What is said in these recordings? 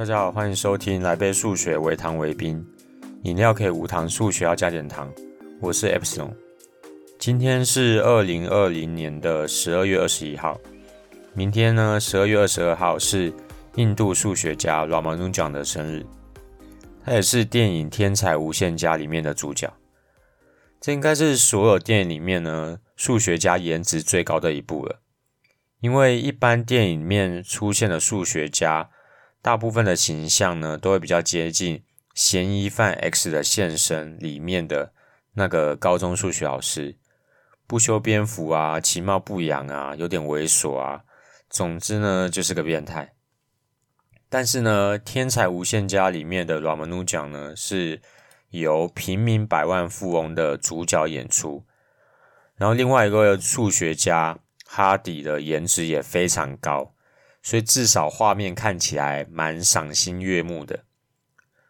大家好，歡迎收聽來杯數學微糖微冰，飲料可以無糖，數學要加點糖。我是 Epsilon，今天是二零二零年的十二月二十一號，明天呢，十二月二十二號是印度數學家 Ramanujan 的生日，他也是電影《天才無限家》裡面的主角。這應該是所有電影裡面呢，數學家顏值最高的一部了，因為一般電影裡面出現的數學家，大部分的形象呢，都會比較接近《嫌疑犯 X 的獻身》裡面的那個高中數學老師，不修邊幅啊，其貌不揚啊，有點猥瑣啊，總之呢就是個變態。但是呢，《天才無限家》裡面的 Ramanujan 呢，是由平民百萬富翁的主角演出，然後另外一個數學家哈迪的顏值也非常高。所以至少畫面看起來蠻賞心悅目的，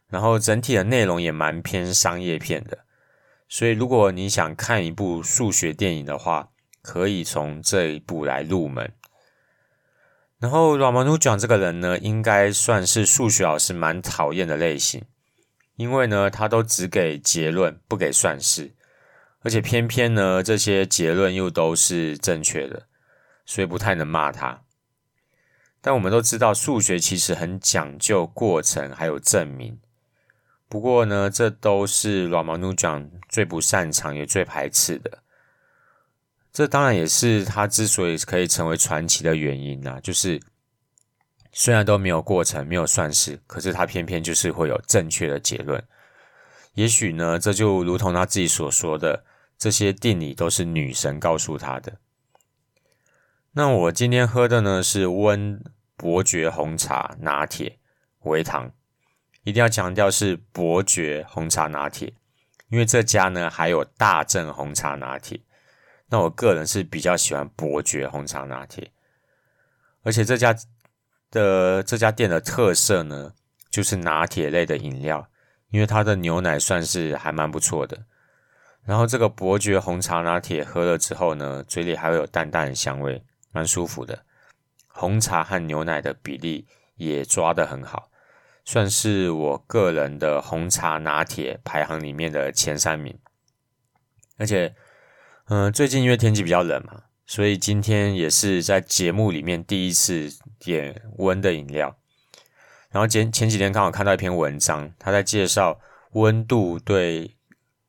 然後整體的內容也蠻偏商業片的。所以如果你想看一部數學電影的話，可以從這一部來入門。然後 Ramanujan 這個人呢，應該算是數學老師蠻討厭的類型，因為呢他都只給結論，不給算式，而且偏偏呢這些結論又都是正確的，所以不太能罵他。但我們都知道，數學其實很講究過程，還有證明。不過呢，這都是 Ramanujan 最不擅長也最排斥的。這當然也是他之所以可以成為傳奇的原因啦、啊。就是雖然都沒有過程，沒有算式，可是他偏偏就是會有正確的結論。也許呢，這就如同他自己所說的，這些定理都是女神告訴他的。那我今天喝的呢是溫伯爵紅茶拿鐵，微糖。一定要強調是伯爵紅茶拿鐵，因為這家呢還有大正紅茶拿鐵。那我個人是比較喜歡伯爵紅茶拿鐵，而且這家的這家店的特色呢就是拿鐵類的飲料，因為它的牛奶算是還蠻不錯的。然後這個伯爵紅茶拿鐵喝了之後呢，嘴裡還會有淡淡的香味。蠻舒服的，紅茶和牛奶的比例也抓得很好，算是我個人的紅茶拿鐵排行裡面的前三名。而且，嗯、呃，最近因為天氣比較冷嘛，所以今天也是在節目裡面第一次點溫的飲料。然後前前幾天剛好看到一篇文章，它在介紹溫度對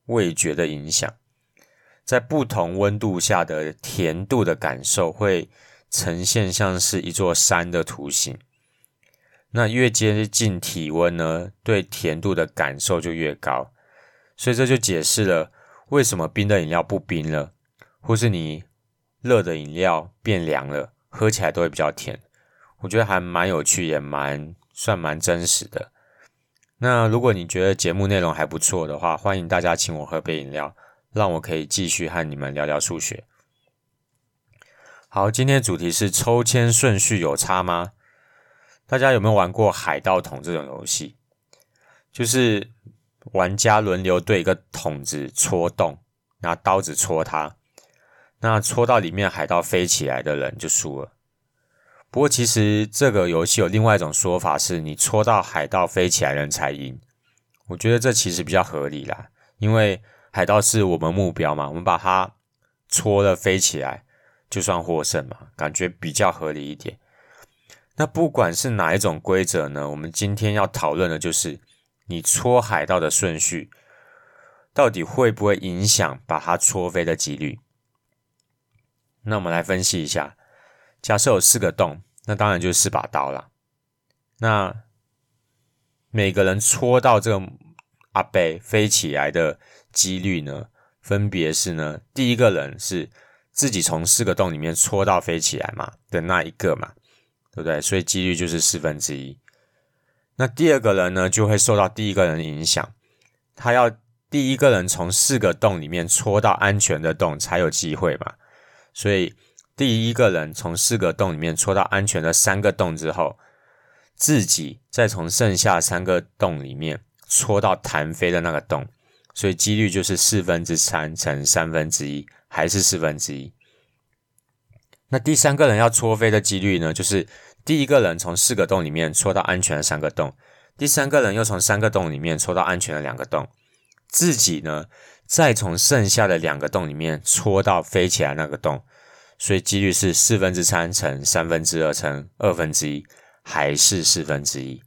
味覺的影響。在不同溫度下的甜度的感受會呈現像是一座山的圖形。那越接近體溫呢，對甜度的感受就越高。所以這就解釋了為什麼冰的飲料不冰了，或是你熱的飲料變涼了，喝起來都會比較甜。我覺得還蠻有趣，也蠻，算蠻真實的。那如果你覺得節目內容還不錯的話，歡迎大家請我喝杯飲料。讓我可以繼續和你們聊聊數學。好，今天的主題是抽籤順序有差嗎？大家有沒有玩過海盜桶這種遊戲？就是玩家輪流對一個桶子戳洞，拿刀子戳它。那戳到裡面海盜飛起來的人就輸了。不過其實這個遊戲有另外一種說法，是你戳到海盜飛起來的人才贏。我覺得這其實比較合理啦，因為。海盜是我們目標嘛，我們把它戳了飛起來，就算獲勝嘛。感覺比較合理一點。那不管是哪一種規則呢？我們今天要討論的就是你戳海盜的順序，到底會不會影響把它戳飛的幾率。那我們來分析一下。假設有四個洞，那當然就是四把刀了。那每個人戳到這個阿貝飛起來的幾率呢？分別是呢，第一個人是自己從四個洞裡面戳到飛起來嘛的那一個嘛，對不對？所以幾率就是四分之一。那第二個人呢，就會受到第一個人的影響，他要第一個人從四個洞裡面戳到安全的洞才有機會嘛。所以第一個人從四個洞裡面戳到安全的三個洞之後，自己再從剩下三個洞裡面。戳到彈飛的那個洞，所以幾率就是四分之三乘三分之一，還是四分之一。那第三個人要戳飛的幾率呢？就是第一個人從四個洞裡面戳到安全的三個洞，第三個人又從三個洞裡面戳到安全的兩個洞，自己呢再從剩下的兩個洞裡面戳到飛起來那個洞，所以幾率是四分之三乘三分之二乘二分之一，還是四分之一。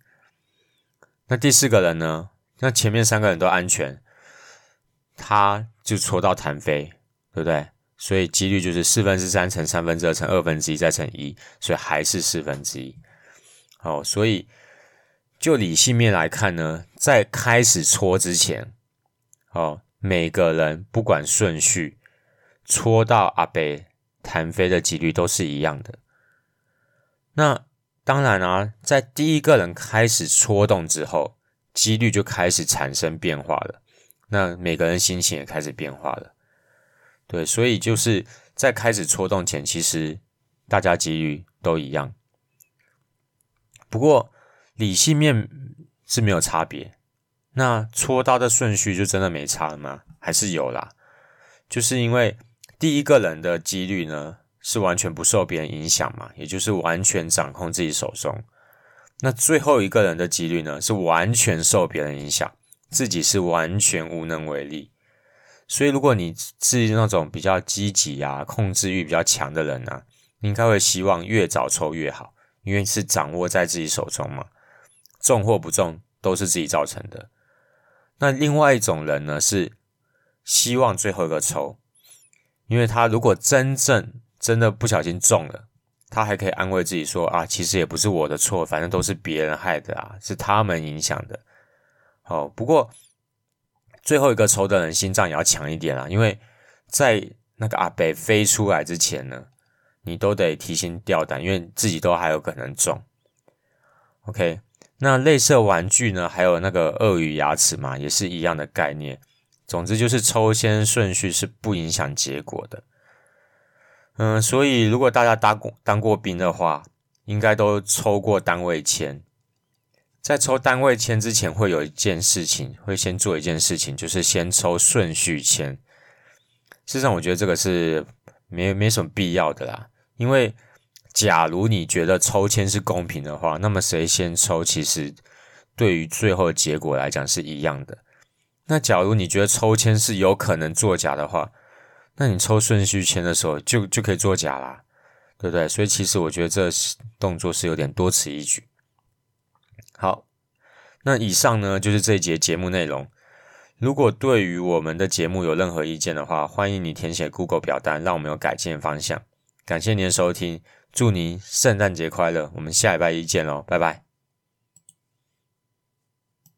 那第四個人呢？那前面三個人都安全，他就戳到彈飛，對不對？所以幾率就是四分之三乘三分之二乘二分之一再乘一，所以還是四分之一。好，所以就理性面來看呢，在開始戳之前，哦，每個人不管順序，戳到阿北彈飛的幾率都是一樣的。那當然啊，在第一個人開始戳動之後。幾率就開始產生變化了，那每個人心情也開始變化了，對，所以就是在開始戳動前，其實大家幾率都一樣，不過理性面是沒有差別。那戳刀的順序就真的沒差了嗎？還是有啦，就是因為第一個人的幾率呢是完全不受別人影響嘛，也就是完全掌控自己手中。那最後一個人的幾率呢，是完全受別人影響，自己是完全無能為力。所以，如果你是那種比較積極啊，控制慾比較強的人呢，啊，應該會希望越早抽越好，因為是掌握在自己手中嘛，中或不中都是自己造成的。那另外一種人呢，是希望最後一個抽，因為他如果真正真的不小心中了。他還可以安慰自己說啊，其實也不是我的錯，反正都是別人害的啊，是他們影響的。好，不過最後一個抽的人心臟也要強一點啦，因為在那個阿北飛出來之前呢，你都得提心吊膽，因為自己都還有可能中。OK，那類似玩具呢，還有那個鱷魚牙齒嘛，也是一樣的概念。總之就是抽籤順序是不影響結果的。嗯，所以如果大家當過當過兵的話，應該都抽過單位籤。在抽單位籤之前，會有一件事情，會先做一件事情，就是先抽順序籤。事實上，我覺得這個是沒沒什麼必要的啦。因為，假如你覺得抽籤是公平的話，那麼誰先抽，其實對於最後結果來講是一樣的。那假如你覺得抽籤是有可能作假的話，那你抽順序籤的時候就就可以作假啦，對不對？所以其實我覺得這動作是有點多此一舉。好，那以上呢就是這一節節目內容。如果對於我們的節目有任何意見的話，歡迎你填寫 Google 表單，讓我們有改進方向。感謝您的收聽，祝您聖誕節快樂！我們下禮拜一見嘍，拜拜。